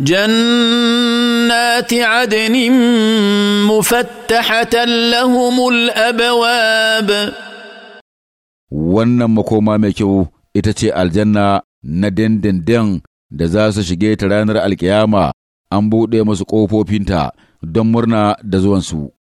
جنات عدن مفتحة لهم الأبواب wannan makoma mai kyau ita ce aljanna na dindindin da za su shige ta ranar alkiyama an buɗe masu ƙofofinta don murna da zuwansu.